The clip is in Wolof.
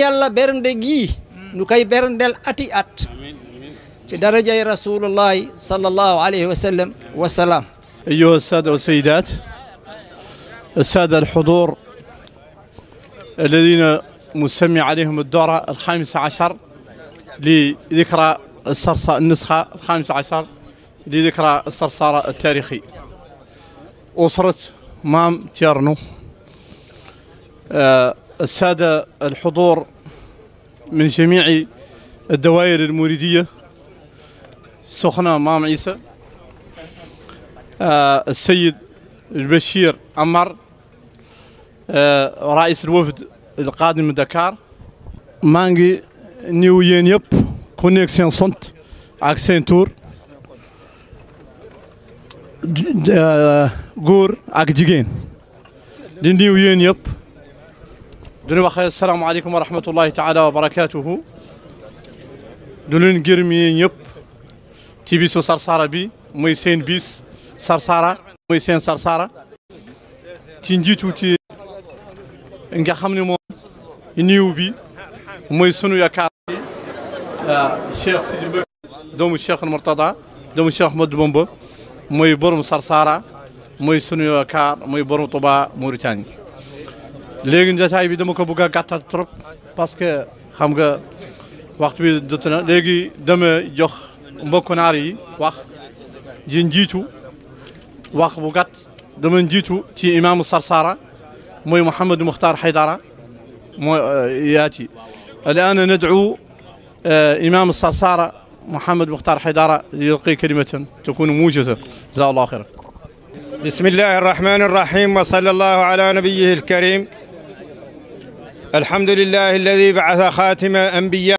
yàlla bernde gii nu koy berndel ati at ci darajay rasulullahi sallallahu alayhi wa sallam wa salaam أيها السادة والسيدات السادة الحضور الذين مسمي عليهم الدورة الخامسة عشر لذكرى الصرصة النسخة الخامسة عشر لذكرى الصرصار التاريخي أسرة مام تيرنو آه السادة الحضور من جميع الدوائر الموريدية سخنة مام عيسى السيد البشير عمر رئيس الوفد القادم من دكار maa ngi ñëw yéen yëpp ku nekk seen sont ak seen tur góor ak jigéen di ñëw yéen yëpp du ñu wax salaamaaleykum wa rahmatullahi taala wa barakaatuhu du leen gërëm yi ñëpp ci bisu Sarsara bi muy seen bis Sarsara muy seen Sarsara ci njiitu ci nga xam ne moom niiw bi mooy sunu yaakaar bi euh, Cheikh Sidi Mbacke doomu Cheikh Mourtada doomu Cheikh Ahmadou Bamba mooy borom Sarsara mooy sunu yaakaar mooy borom Touba Mauritanie léegi njataay bi dama ko bëgg a gàttal trop parce que xam nga waxtu bi jot na léegi dama jox mbokku naar yi wax ji njiitu wax bu gàtt dama njiitu ci imaamu Sarsara mooy Mouhamadou Moukhtar Haydara mooy yaati الآن ندعو إمام الصرصارة محمد مختار حيدارة ليلقي كلمة تكون موجزة جزاه الله خيرا بسم الله الرحمن الرحيم وصلى الله على نبيه الكريم الحمد لله الذي بعث خاتم أنبياء